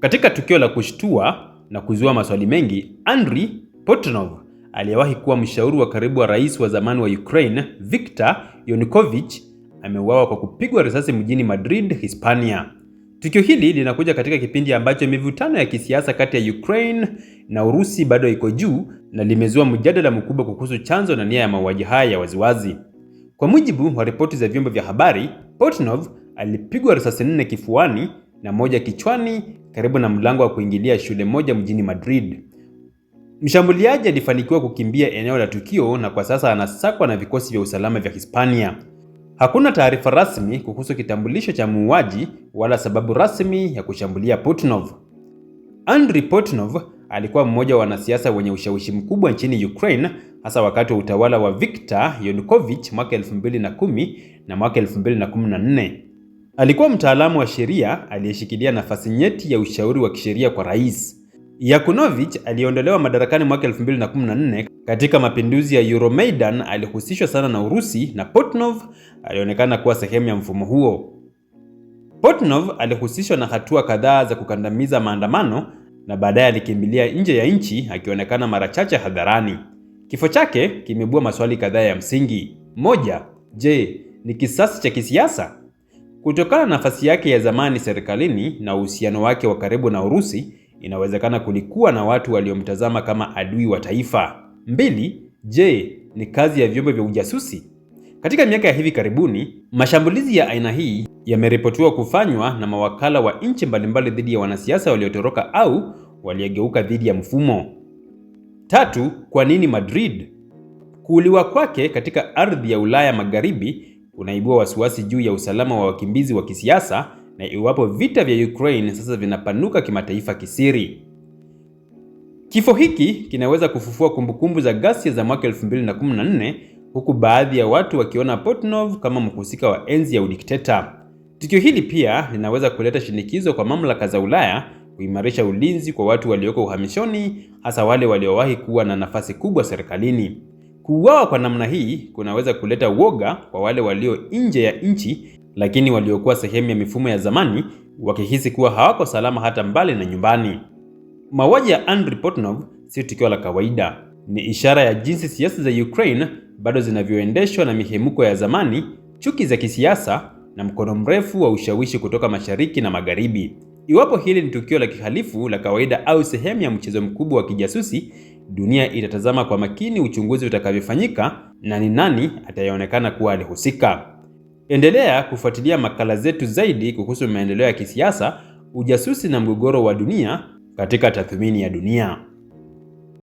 Katika tukio la kushtua na kuzua maswali mengi, Andriy Portnov aliyewahi kuwa mshauri wa karibu wa rais wa zamani wa Ukraine Viktor Yanukovych ameuawa kwa kupigwa risasi mjini Madrid, Hispania. Tukio hili linakuja katika kipindi ambacho mivutano ya kisiasa kati ya Ukraine na Urusi bado iko juu na limezua mjadala mkubwa kuhusu chanzo na nia ya mauaji haya ya waziwazi. Kwa mujibu wa ripoti za vyombo vya habari, Portnov alipigwa risasi nne kifuani na moja kichwani karibu na mlango wa kuingilia shule moja mjini Madrid. Mshambuliaji alifanikiwa kukimbia eneo la tukio na kwa sasa anasakwa na vikosi vya usalama vya Hispania. Hakuna taarifa rasmi kuhusu kitambulisho cha muuaji wala sababu rasmi ya kushambulia putnov Andriy Putnov alikuwa mmoja wa wanasiasa wenye ushawishi mkubwa nchini Ukraine hasa wakati wa utawala wa Viktor Yanukovych mwaka 2010 na mwaka 2014. Alikuwa mtaalamu wa sheria aliyeshikilia nafasi nyeti ya ushauri wa kisheria kwa rais. Yakunovich aliyeondolewa madarakani mwaka 2014 katika mapinduzi ya Euromaidan alihusishwa sana na Urusi na Portnov alionekana kuwa sehemu ya mfumo huo. Portnov alihusishwa na hatua kadhaa za kukandamiza maandamano na baadaye alikimbilia nje ya nchi akionekana mara chache hadharani. Kifo chake kimebua maswali kadhaa ya msingi. Moja, je, ni kisasi cha kisiasa? Kutokana na nafasi yake ya zamani serikalini na uhusiano wake wa karibu na Urusi, inawezekana kulikuwa na watu waliomtazama kama adui wa taifa. Mbili, je, ni kazi ya vyombo vya ujasusi? Katika miaka ya hivi karibuni, mashambulizi ya aina hii yameripotiwa kufanywa na mawakala wa nchi mbalimbali dhidi ya wanasiasa waliotoroka au waliogeuka dhidi ya mfumo. Tatu, kwa nini Madrid? Kuuliwa kwake katika ardhi ya Ulaya Magharibi unaibua wasiwasi juu ya usalama wa wakimbizi wa kisiasa na iwapo vita vya Ukraine sasa vinapanuka kimataifa kisiri. Kifo hiki kinaweza kufufua kumbukumbu za ghasia za mwaka 2014 huku baadhi ya watu wakiona Portnov kama mhusika wa enzi ya udikteta. Tukio hili pia linaweza kuleta shinikizo kwa mamlaka za Ulaya kuimarisha ulinzi kwa watu walioko uhamishoni, hasa wale waliowahi kuwa na nafasi kubwa serikalini. Kuuawa kwa namna hii kunaweza kuleta woga kwa wale walio nje ya nchi, lakini waliokuwa sehemu ya mifumo ya zamani wakihisi kuwa hawako salama hata mbali na nyumbani. Mauaji ya Andriy Portnov si tukio la kawaida, ni ishara ya jinsi siasa za Ukraine bado zinavyoendeshwa na mihemuko ya zamani, chuki za kisiasa na mkono mrefu wa ushawishi kutoka mashariki na magharibi. Iwapo hili ni tukio la kihalifu la kawaida au sehemu ya mchezo mkubwa wa kijasusi, dunia itatazama kwa makini uchunguzi utakavyofanyika na ni nani atayeonekana kuwa alihusika. Endelea kufuatilia makala zetu zaidi kuhusu maendeleo ya kisiasa, ujasusi na mgogoro wa dunia katika Tathmini ya Dunia.